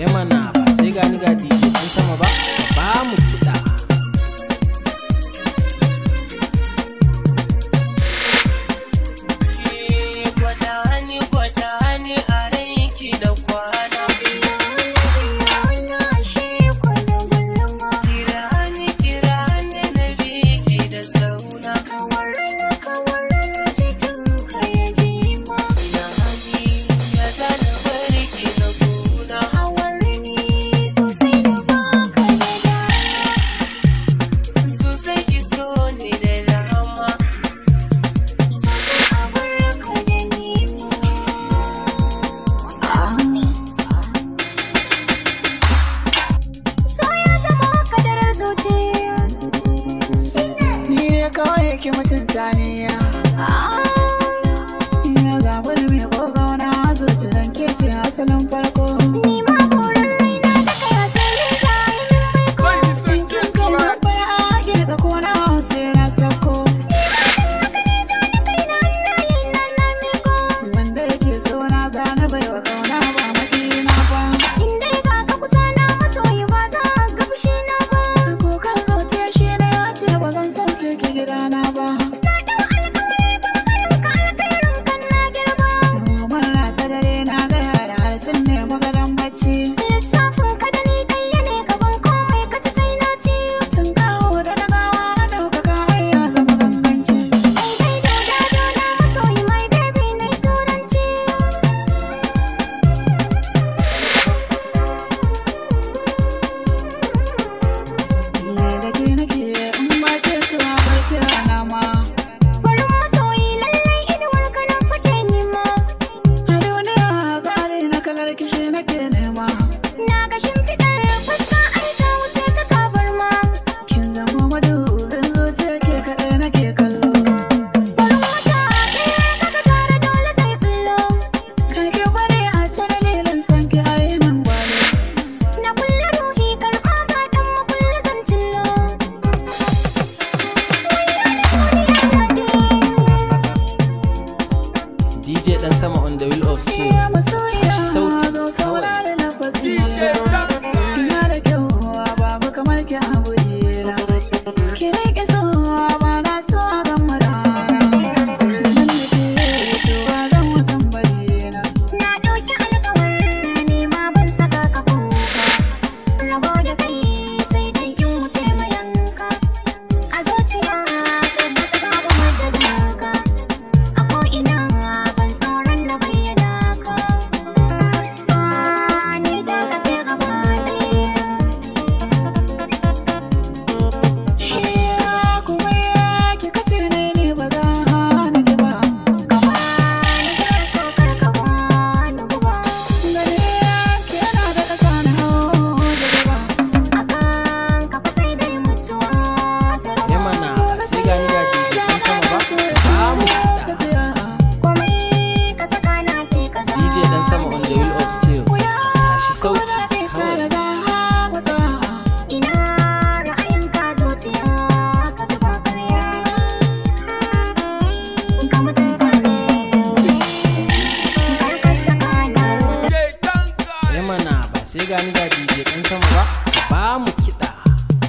Yamanaba, Sega Niga DJ, Kuntama Ba, Ba kawai ki mutunta ni ah. and Sama on the wheel of steel.